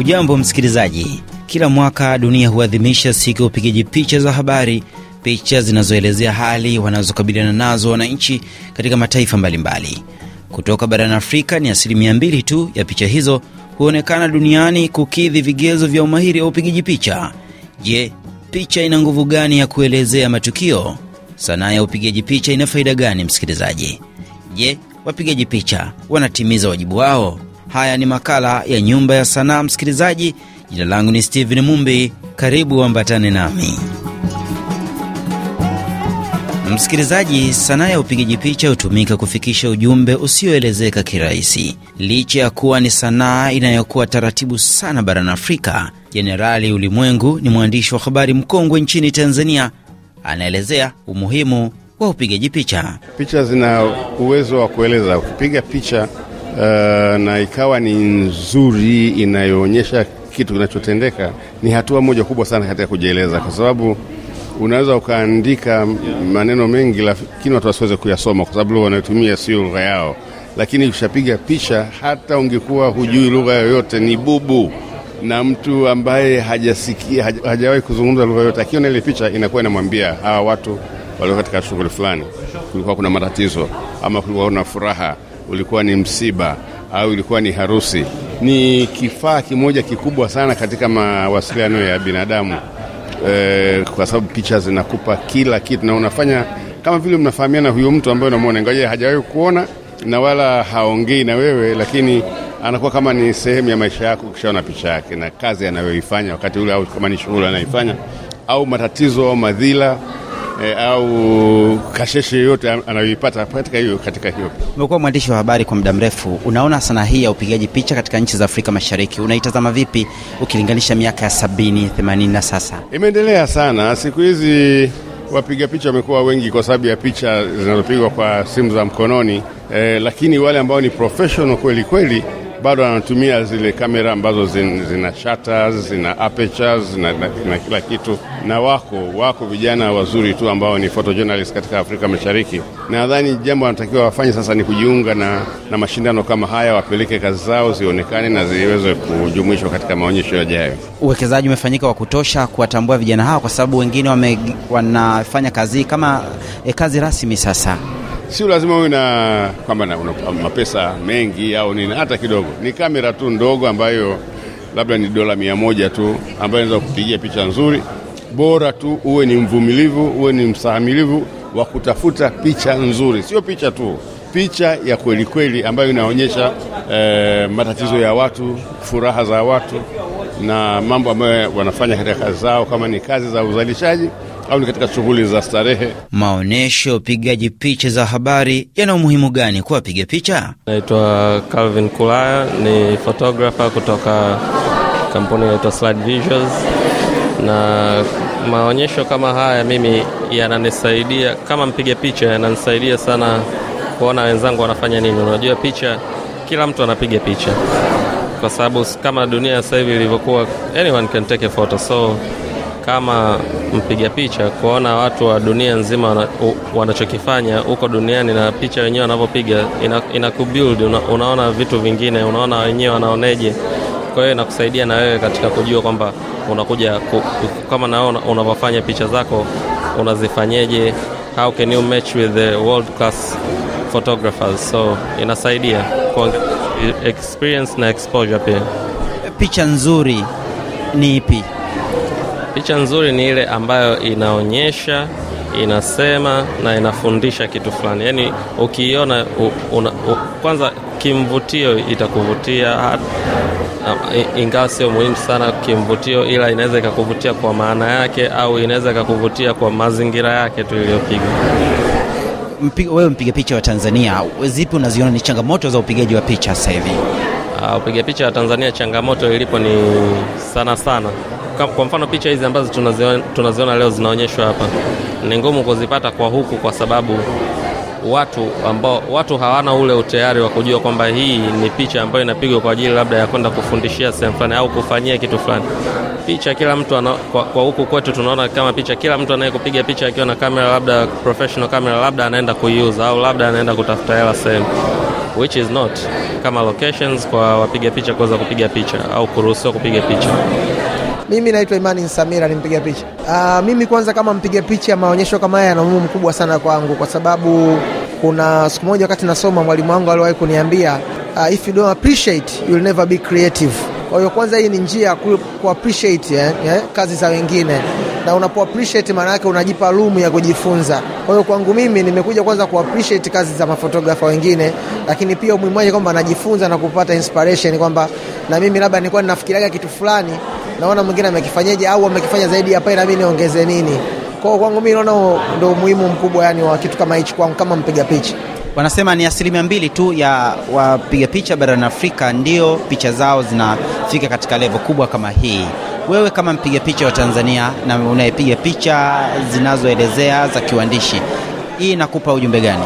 Hujambo msikilizaji, kila mwaka dunia huadhimisha siku ya upigaji picha za habari, picha zinazoelezea hali wanazokabiliana nazo wananchi katika mataifa mbalimbali. Kutoka barani Afrika ni asilimia b tu ya picha hizo huonekana duniani kukidhi vigezo vya umahiri wa upigaji picha. Je, picha ina nguvu gani ya kuelezea matukio? Sanaa ya upigaji picha ina faida gani msikilizaji? Je, wapigaji picha wanatimiza wajibu wao? Haya ni makala ya Nyumba ya Sanaa, msikilizaji. Jina langu ni stehen Mumbi, karibu ambatane nami msikilizaji. Sanaa ya upigaji picha hutumika kufikisha ujumbe usioelezeka kirahisi. Licha ya kuwa ni sanaa inayokuwa taratibu sana barani Afrika, Jenerali Ulimwengu ni mwandishi wa habari mkongwe nchini Tanzania, anaelezea umuhimu wa upigaji picha. Picha zina uwezo wa kueleza. Ukipiga picha Eh, na ikawa ni nzuri inayoonyesha kitu kinachotendeka, ni hatua moja kubwa sana katika kujieleza, kwa sababu unaweza ukaandika maneno mengi, lakini watu wasiweze kuyasoma kwa sababu lugha wanayotumia sio lugha yao. Lakini ushapiga picha, hata ungekuwa hujui lugha yoyote, ni bubu na mtu ambaye hajasikia hajawahi kuzungumza lugha yoyote, akiona ile picha inakuwa inamwambia hawa watu walio katika shughuli fulani kulikuwa kuna matatizo ama kulikuwa kuna furaha ulikuwa ni msiba au ilikuwa ni harusi, ni kifaa kimoja kikubwa sana katika mawasiliano ya binadamu e, kwa sababu picha zinakupa kila kitu na unafanya kama vile mnafahamiana huyo mtu ambaye unamwona, ingawa hajawahi kuona na wala haongei na wewe, lakini anakuwa kama ni sehemu ya maisha yako ukishaona picha yake na kazi anayoifanya wakati ule, au kama ni shughuli anaifanya au matatizo au madhila e, au kasheshe yoyote anayoipata katika hiyo katika hiyo. Umekuwa mwandishi wa habari kwa muda mrefu, unaona sanaa hii ya upigaji picha katika nchi za Afrika Mashariki unaitazama vipi ukilinganisha miaka ya sabini themanini na sasa? Imeendelea sana siku hizi wapiga picha wamekuwa wengi kwa sababu ya picha zinazopigwa kwa simu za mkononi E, lakini wale ambao ni professional kweli kweli bado wanatumia zile kamera ambazo zin, zina shutters, zina apertures na, na, na kila kitu, na wako wako vijana wazuri tu ambao ni photojournalist katika Afrika Mashariki. Nadhani jambo wanatakiwa wafanye sasa ni kujiunga na, na mashindano kama haya, wapeleke kazi zao zionekane na ziweze kujumuishwa katika maonyesho yajayo. Uwekezaji umefanyika wa kutosha kuwatambua vijana hawa, kwa sababu wengine wame, wanafanya kazi kama e, kazi rasmi sasa Sio lazima uwe na kwamba mapesa mengi au nini, hata kidogo. Ni kamera tu ndogo ambayo labda ni dola mia moja tu ambayo inaweza kupigia picha nzuri. Bora tu uwe ni mvumilivu, uwe ni msahamilivu wa kutafuta picha nzuri, sio picha tu, picha ya kweli kweli ambayo inaonyesha eh, matatizo ya watu, furaha za watu na mambo ambayo wanafanya katika kazi zao, kama ni kazi za uzalishaji au ni katika shughuli za starehe. Maonyesho, pigaji picha za habari yana umuhimu gani kwa wapiga picha? Naitwa Calvin Kulaya, ni photographer kutoka kampuni inaitwa Slide Visuals, na maonyesho kama haya mimi yananisaidia kama mpiga picha, yananisaidia sana kuona wenzangu wanafanya nini. Unajua picha, kila mtu anapiga picha kwa sababu kama dunia sasa hivi ilivyokuwa, anyone can take a photo so kama mpiga picha kuona watu wa dunia nzima wanachokifanya huko duniani na picha wenyewe wanavyopiga inakubuild, ina una, unaona vitu vingine, unaona wenyewe wanaoneje. Kwa hiyo inakusaidia na wewe katika kujua kwamba unakuja ku, kama wewe unavyofanya picha zako unazifanyeje, how can you match with the world class photographers. So inasaidia kwa experience na exposure pia. Picha nzuri ni ipi? Picha nzuri ni ile ambayo inaonyesha, inasema na inafundisha kitu fulani. Yaani ukiiona kwanza, kimvutio itakuvutia, ingawa sio muhimu sana kimvutio, ila inaweza ikakuvutia kwa maana yake, au inaweza ikakuvutia kwa mazingira yake tu iliyopigwa. wewe mpiga picha wa Tanzania, zipi unaziona ni changamoto za upigaji wa picha sasa hivi? Ah, upiga picha wa Tanzania changamoto ilipo ni sana sana kwa mfano picha hizi ambazo tunaziona, tunaziona leo zinaonyeshwa hapa ni ngumu kuzipata kwa huku, kwa sababu watu ambao watu hawana ule utayari wa kujua kwamba hii ni picha ambayo inapigwa kwa ajili labda ya kwenda kufundishia sehemu fulani au kufanyia kitu fulani. Picha kila mtu ana, kwa, kwa huku kwetu tunaona kama picha, kila mtu anayekupiga picha akiwa na kamera labda professional kamera, labda anaenda kuiuza au labda anaenda kutafuta hela sehemu which is not kama locations kwa wapiga picha kuweza kupiga picha au kuruhusiwa kupiga picha. Mimi naitwa Imani samira ni mpiga picha. Aa, ah, mimi kwanza kama mpiga picha, maonyesho kama haya yana umuhimu mkubwa sana kwangu, kwa sababu kuna siku moja wakati nasoma, mwalimu wangu aliwahi kuniambia uh, if you don't appreciate you'll never be creative. Kwa hiyo kwanza hii ni njia ya ku appreciate eh, eh, kazi za wengine na unapo appreciate maana yake unajipa room ya kujifunza. Kwa hiyo kwangu mimi nimekuja kwanza ku appreciate kazi za mafotografa wengine, lakini pia umuhimu wake kwamba najifunza na kupata inspiration kwamba na mimi labda nilikuwa ninafikiriaga kitu fulani, naona mwingine amekifanyaje au amekifanya zaidi hapa, na mimi niongeze nini kwao. Kwangu mimi naona ndio umuhimu mkubwa yani wa kitu kama hichi kwangu kama mpiga picha. Wanasema ni asilimia mbili tu ya wapiga picha barani Afrika ndio picha zao zinafika katika levo kubwa kama hii. Wewe kama mpiga picha wa Tanzania na unayepiga picha zinazoelezea za kiwandishi, hii inakupa ujumbe gani?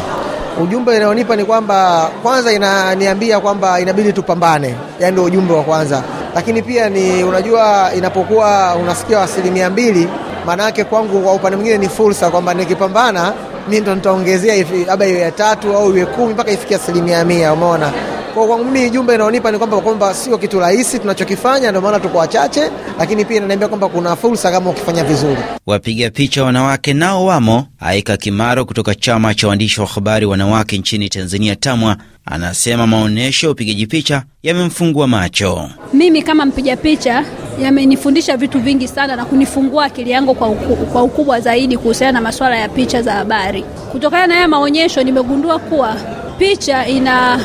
Ujumbe inayonipa ni kwamba kwanza inaniambia kwamba inabidi tupambane, yani ndio ujumbe wa kwanza lakini pia ni unajua, inapokuwa unafikia asilimia mbili, maana yake kwangu kwa upande mwingine ni fursa kwamba nikipambana mi ndo nitaongezea labda iwe ya tatu au iwe kumi mpaka ifikie asilimia mia. Umeona? Kwa kwangu mimi jumbe inaonipa ni kwamba kwamba sio kitu rahisi tunachokifanya, ndio maana tuko wachache, lakini pia inaniambia kwamba kuna fursa kama ukifanya vizuri. Wapiga picha wanawake nao wamo. Aika Kimaro kutoka chama cha waandishi wa habari wanawake nchini Tanzania TAMWA anasema maonyesho ya upigaji picha yamemfungua macho. Mimi kama mpiga picha yamenifundisha vitu vingi sana na kunifungua akili yangu kwa, uku, kwa ukubwa zaidi kuhusiana na masuala ya picha za habari. Kutokana na haya maonyesho nimegundua kuwa picha ina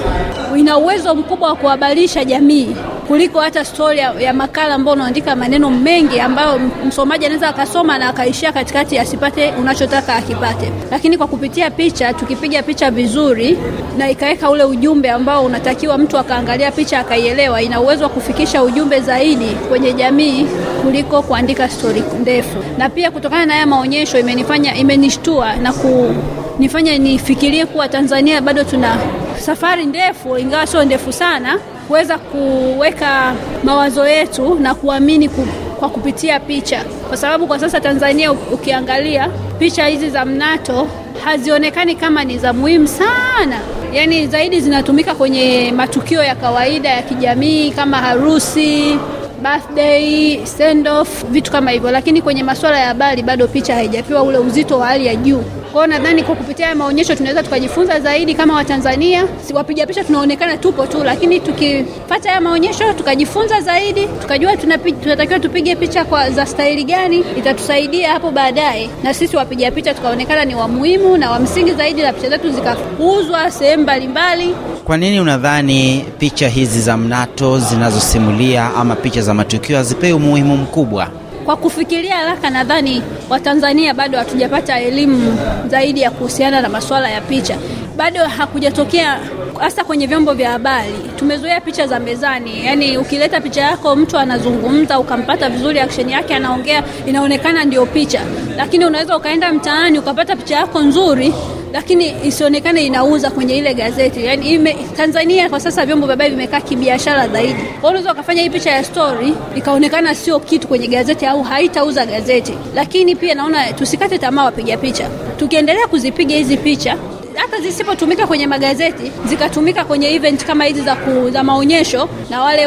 ina uwezo mkubwa wa kuhabarisha jamii kuliko hata stori ya makala ambayo unaandika maneno mengi ambayo msomaji anaweza akasoma na akaishia katikati asipate unachotaka akipate. Lakini kwa kupitia picha, tukipiga picha vizuri na ikaweka ule ujumbe ambao unatakiwa mtu akaangalia picha akaielewa, ina uwezo wa kufikisha ujumbe zaidi kwenye jamii kuliko kuandika stori ndefu. Na pia kutokana na haya maonyesho, imenifanya imenishtua na ku nifanye nifikirie kuwa Tanzania bado tuna safari ndefu, ingawa sio ndefu sana, kuweza kuweka mawazo yetu na kuamini ku, kwa kupitia picha, kwa sababu kwa sasa Tanzania ukiangalia picha hizi za mnato hazionekani kama ni za muhimu sana, yaani zaidi zinatumika kwenye matukio ya kawaida ya kijamii kama harusi, birthday, send off, vitu kama hivyo, lakini kwenye masuala ya habari bado picha haijapewa ule uzito wa hali ya juu. Kwa nadhani kwa kupitia maonyesho tunaweza tukajifunza zaidi kama Watanzania. Si wapiga picha tunaonekana tupo tu, lakini tukipata haya maonyesho tukajifunza zaidi, tukajua tunatakiwa tupige picha kwa za staili gani, itatusaidia hapo baadaye, na sisi wapiga picha tukaonekana ni wa muhimu na wa msingi zaidi, na picha zetu zikauzwa sehemu mbalimbali. Kwa nini unadhani picha hizi za mnato zinazosimulia ama picha za matukio hazipewi umuhimu mkubwa? Kwa kufikiria haraka, nadhani Watanzania bado hatujapata elimu zaidi ya kuhusiana na masuala ya picha. Bado hakujatokea hasa kwenye vyombo vya habari tumezoea picha za mezani, yani ukileta picha yako mtu anazungumza ukampata vizuri, action yake anaongea, inaonekana ndio picha, lakini unaweza ukaenda mtaani ukapata picha yako nzuri lakini isionekane inauza kwenye ile gazeti. Yani ime, Tanzania kwa sasa vyombo vya habari vimekaa kibiashara zaidi. Kwa hiyo unaweza ukafanya hii picha ya story ikaonekana sio kitu kwenye gazeti au haitauza gazeti. Lakini pia naona tusikate tamaa wapiga picha, tukiendelea kuzipiga hizi picha hata zisipotumika kwenye magazeti zikatumika kwenye event kama hizi za, za maonyesho na wale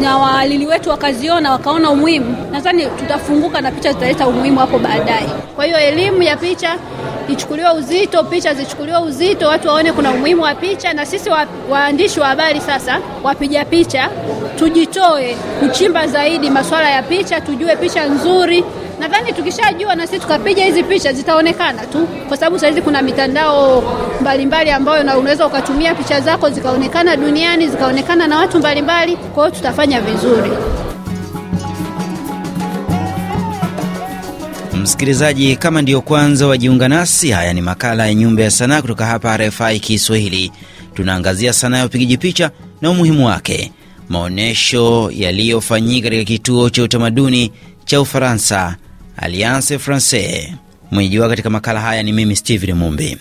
na waalili wetu wakaziona wakaona umuhimu, nadhani tutafunguka na picha zitaleta umuhimu hapo baadaye. Kwa hiyo elimu ya picha ichukuliwe uzito, picha zichukuliwe uzito, watu waone kuna umuhimu wa picha, na sisi wa, waandishi wa habari sasa, wapiga picha, tujitoe kuchimba zaidi masuala ya picha, tujue picha nzuri Nadhani tukishajua na sisi tukapiga hizi picha zitaonekana tu, kwa sababu saizi kuna mitandao mbalimbali mbali ambayo na unaweza ukatumia picha zako zikaonekana duniani zikaonekana na watu mbalimbali. Kwa hiyo tutafanya vizuri. Msikilizaji, kama ndiyo kwanza wajiunga nasi, haya ni makala ya Nyumba ya Sanaa kutoka hapa RFI Kiswahili. Tunaangazia sanaa ya upigaji picha na umuhimu wake. Maonyesho yaliyofanyika katika kituo cha utamaduni cha Ufaransa Alliance Francaise. Mwenyeji wao katika makala haya ni mimi Steven Mumbi.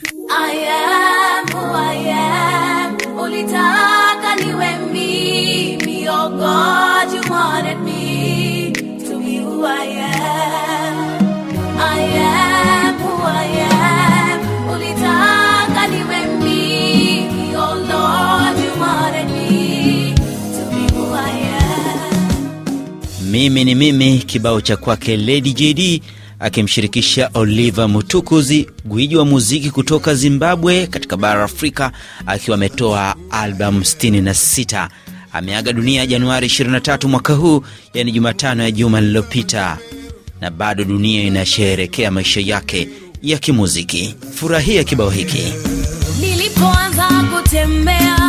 mimi ni mimi, kibao cha kwake Lady JD akimshirikisha Oliver Mutukuzi, gwiji wa muziki kutoka Zimbabwe katika bara Afrika, akiwa ametoa albamu 66. Ameaga dunia Januari 23 mwaka huu, yani Jumatano ya juma lililopita, na bado dunia inasheherekea maisha yake ya kimuziki. Furahia kibao hiki. Nilipoanza kutembea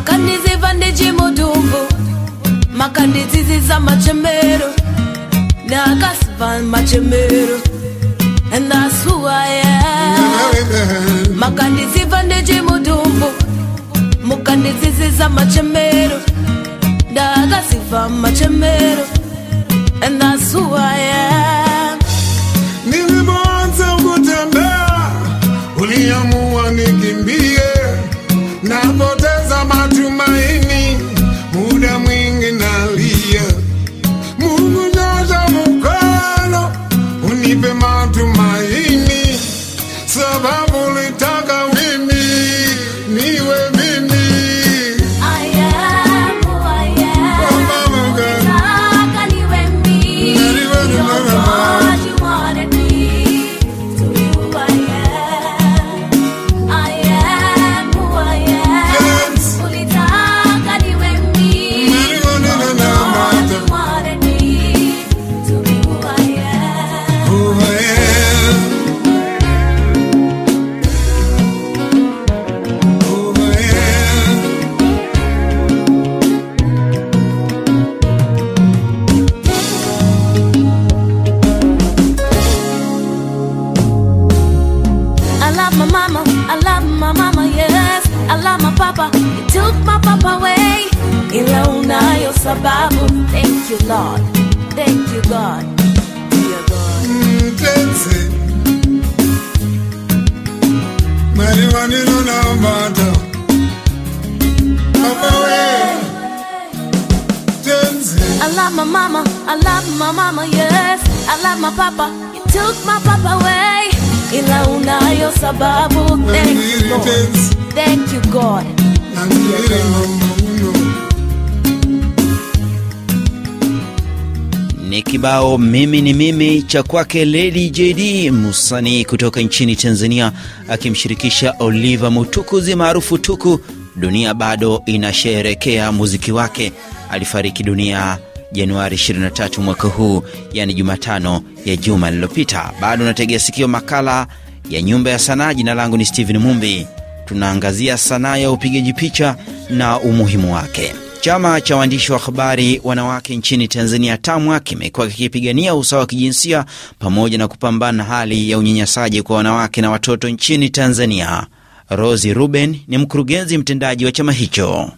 makaniziva ndechemudumbu makandidzidzisa machemero neakasiva machemero andasuwaya makandiziva ndechemudumbu mukandidzidzisa machemero ndaakasiva machemero andasuwaya ndivimoanza kutambea uliyamuwa nikimbiye My dream, my you, Lord. Thank you, God. Dear God. Mpenzi, maliwa nino na mbata. Papa we. I love my mama, I love my mama, yes. I love my papa, you took my papa away. Ila unayo sababu, thank you, Lord. Thank you, God. Thank you, God. ni kibao mimi ni mimi cha kwake ledi JD, msanii kutoka nchini Tanzania, akimshirikisha oliva Mutukuzi maarufu Tuku. Dunia bado inasheherekea muziki wake. Alifariki dunia Januari 23 mwaka huu, yani Jumatano ya juma lililopita. Bado unategea sikio makala ya Nyumba ya Sanaa. Jina langu ni stehen Mumbi. Tunaangazia sanaa ya upigaji picha na umuhimu wake. Chama cha waandishi wa habari wanawake nchini Tanzania, TAMWA, kimekuwa kikipigania usawa wa kijinsia pamoja na kupambana hali ya unyanyasaji kwa wanawake na watoto nchini Tanzania. Rosi Ruben ni mkurugenzi mtendaji wa chama hicho.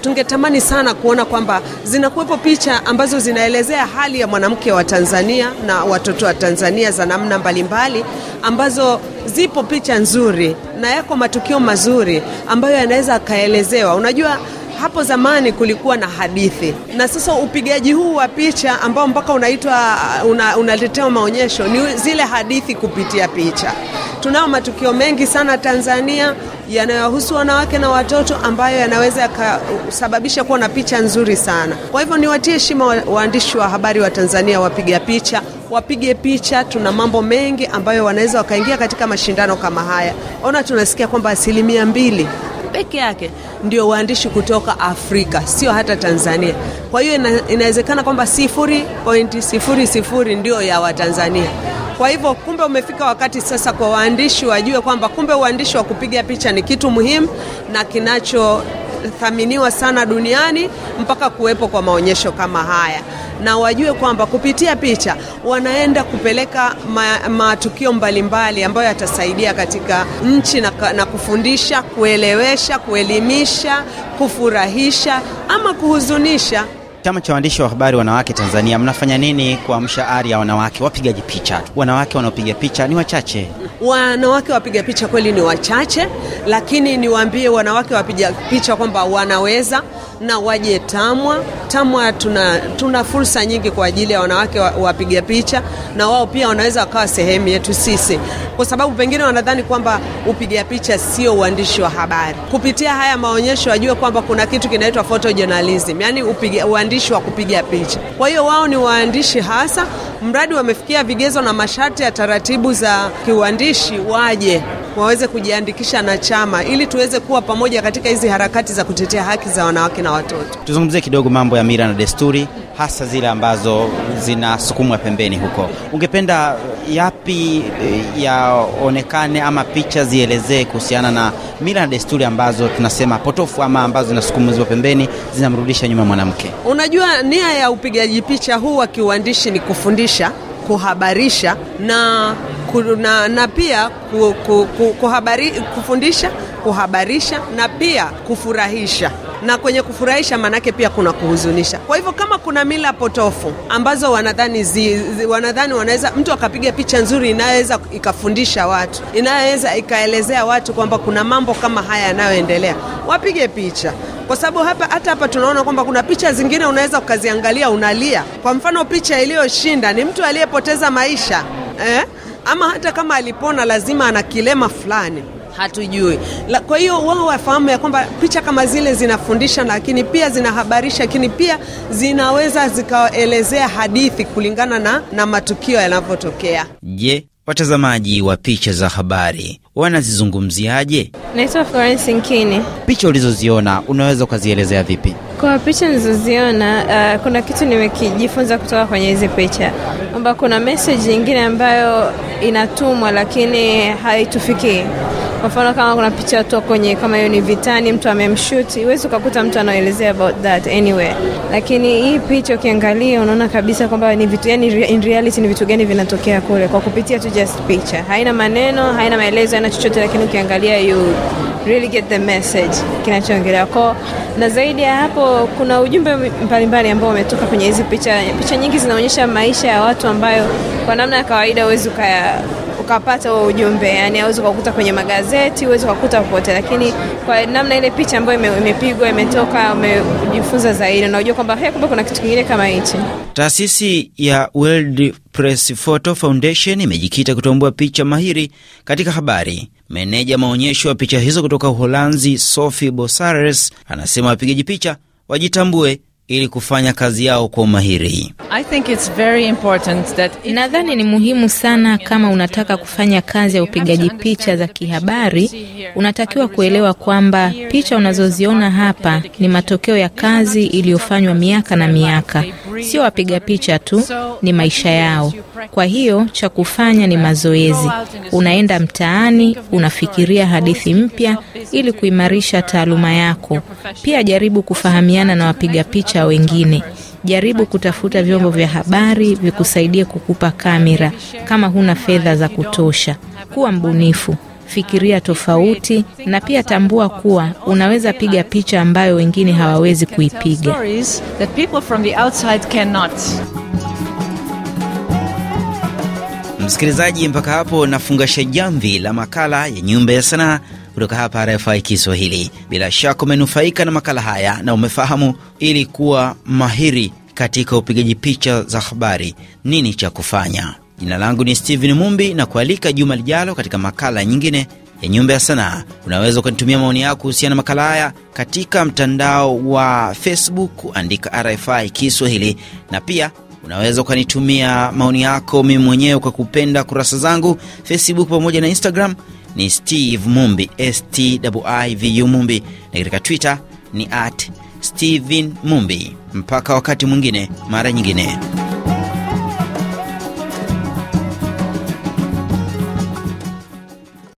Tungetamani sana kuona kwamba zinakuwepo picha ambazo zinaelezea hali ya mwanamke wa Tanzania na watoto wa Tanzania za namna mbalimbali, ambazo zipo picha nzuri na yako matukio mazuri ambayo yanaweza akaelezewa. Unajua hapo zamani kulikuwa na hadithi, na sasa upigaji huu wa picha ambao mpaka unaitwa unaletewa una maonyesho ni zile hadithi kupitia picha. Tunao matukio mengi sana Tanzania yanayohusu wanawake na watoto ambayo yanaweza yakasababisha kuwa na picha nzuri sana. Kwa hivyo niwatie heshima waandishi wa habari wa Tanzania, wapiga picha wapige picha. Tuna mambo mengi ambayo wanaweza wakaingia katika mashindano kama haya. Ona, tunasikia kwamba asilimia mbili peke yake ndio waandishi kutoka Afrika, sio hata Tanzania. Kwa hiyo ina, inawezekana kwamba sifuri ndio ya Watanzania. Kwa hivyo kumbe umefika wakati sasa kwa waandishi wajue kwamba kumbe uandishi wa kupiga picha ni kitu muhimu na kinachothaminiwa sana duniani mpaka kuwepo kwa maonyesho kama haya na wajue kwamba kupitia picha wanaenda kupeleka ma, matukio mbalimbali ambayo yatasaidia katika nchi na, na kufundisha, kuelewesha, kuelimisha, kufurahisha ama kuhuzunisha. Chama cha waandishi wa habari wanawake Tanzania, mnafanya nini kuamsha ari ya wanawake wapigaji picha? Wanawake wanaopiga picha ni wachache. Wanawake wapiga picha kweli ni wachache, lakini niwaambie wanawake wapiga picha kwamba wanaweza na waje TAMWA. TAMWA tuna, tuna fursa nyingi kwa ajili ya wanawake wapiga picha, na wao pia wanaweza wakawa sehemu yetu sisi, kwa sababu pengine wanadhani kwamba upiga picha sio uandishi wa habari. Kupitia haya maonyesho, wajue kwamba kuna kitu kinaitwa photojournalism, yani uandishi wa kupiga picha. Kwa hiyo wao ni waandishi hasa, mradi wamefikia vigezo na masharti ya taratibu za kiuandishi, waje waweze kujiandikisha na chama ili tuweze kuwa pamoja katika hizi harakati za kutetea haki za wanawake na watoto. Tuzungumzie kidogo mambo ya mira na desturi, hasa zile ambazo zinasukumwa pembeni huko. Ungependa eh, yapi eh, yaonekane ama picha zielezee kuhusiana na mira na desturi ambazo tunasema potofu ama ambazo zinasukumwa pembeni zinamrudisha nyuma mwanamke? Unajua, nia ya upigaji picha huu wa kiuandishi ni kufundisha, kuhabarisha na kuna, na pia ku, ku, ku, kuhabari, kufundisha, kuhabarisha na pia kufurahisha na kwenye kufurahisha maanake pia kuna kuhuzunisha. Kwa hivyo kama kuna mila potofu ambazo wanadhani zi, zi, wanadhani wanaweza mtu akapiga picha nzuri inayoweza ikafundisha watu, inayoweza ikaelezea watu kwamba kuna mambo kama haya yanayoendelea, wapige picha kwa sababu hapa hata hapa tunaona kwamba kuna picha zingine unaweza ukaziangalia unalia. Kwa mfano picha iliyoshinda ni mtu aliyepoteza maisha eh? ama hata kama alipona lazima ana kilema fulani hatujui. kwa hiyo wao wafahamu ya kwamba picha kama zile zinafundisha, lakini pia zinahabarisha, lakini pia zinaweza zikaelezea hadithi kulingana na, na matukio yanavyotokea. Je, watazamaji wa picha za habari wanazizungumziaje? Naitwa Florence Nkini. Picha ulizoziona unaweza ukazielezea vipi? Kwa picha nilizoziona, uh, kuna kitu nimekijifunza kutoka kwenye hizi picha kwamba kuna meseji nyingine ambayo inatumwa lakini haitufikii kwa mfano kama kuna picha tu kwenye kama hiyo ni vitani, mtu amemshuti, huwezi ukakuta mtu anaelezea about that anyway Lakini hii picha ukiangalia, unaona kabisa kwamba ni vitu yani, in reality ni vitu gani vinatokea kule, kwa kupitia tu just picha. Haina maneno, haina maelezo, haina chochote, lakini ukiangalia you really get the message kinachoongelea kwao. Na zaidi ya hapo, kuna ujumbe mbalimbali ambao umetoka kwenye hizi picha. Picha nyingi zinaonyesha maisha ya watu ambayo kwa namna ya kawaida huwezi ukaya ukapata huo ujumbe, yani hauwezi ukakuta kwenye magazeti, uwezi ukakuta popote, lakini kwa namna ile picha ambayo imepigwa ime imetoka, umejifunza zaidi, unajua kwamba hey, kumbe kuna kitu kingine kama hichi. Taasisi ya World Press Photo Foundation imejikita kutambua picha mahiri katika habari. Meneja maonyesho ya picha hizo kutoka Uholanzi, Sophie Bosares, anasema wapigaji picha wajitambue ili kufanya kazi yao kwa umahiri. nadhani ni muhimu sana, kama unataka kufanya kazi ya upigaji picha za kihabari, unatakiwa kuelewa kwamba picha unazoziona hapa ni matokeo ya kazi iliyofanywa miaka na miaka. Sio wapiga picha tu, ni maisha yao. Kwa hiyo cha kufanya ni mazoezi. Unaenda mtaani, unafikiria hadithi mpya ili kuimarisha taaluma yako. Pia jaribu kufahamiana na wapiga picha cha wengine. Jaribu kutafuta vyombo vya habari vikusaidie kukupa kamera kama huna fedha za kutosha. Kuwa mbunifu, fikiria tofauti, na pia tambua kuwa unaweza piga picha ambayo wengine hawawezi kuipiga. Msikilizaji, mpaka hapo nafungasha jamvi la makala ya Nyumba ya Sanaa kutoka hapa RFI Kiswahili. Bila shaka umenufaika na makala haya na umefahamu, ili kuwa mahiri katika upigaji picha za habari, nini cha kufanya? Jina langu ni Steven Mumbi na kualika juma lijalo katika makala nyingine ya Nyumba ya Sanaa. Unaweza ukanitumia maoni yako kuhusiana na makala haya katika mtandao wa Facebook, andika RFI Kiswahili, na pia unaweza ukanitumia maoni yako mimi mwenyewe kwa kupenda kurasa zangu Facebook pamoja na Instagram ni Steve Mumbi, Stivu Mumbi, na katika Twitter ni at stephen Mumbi. Mpaka wakati mwingine, mara nyingine.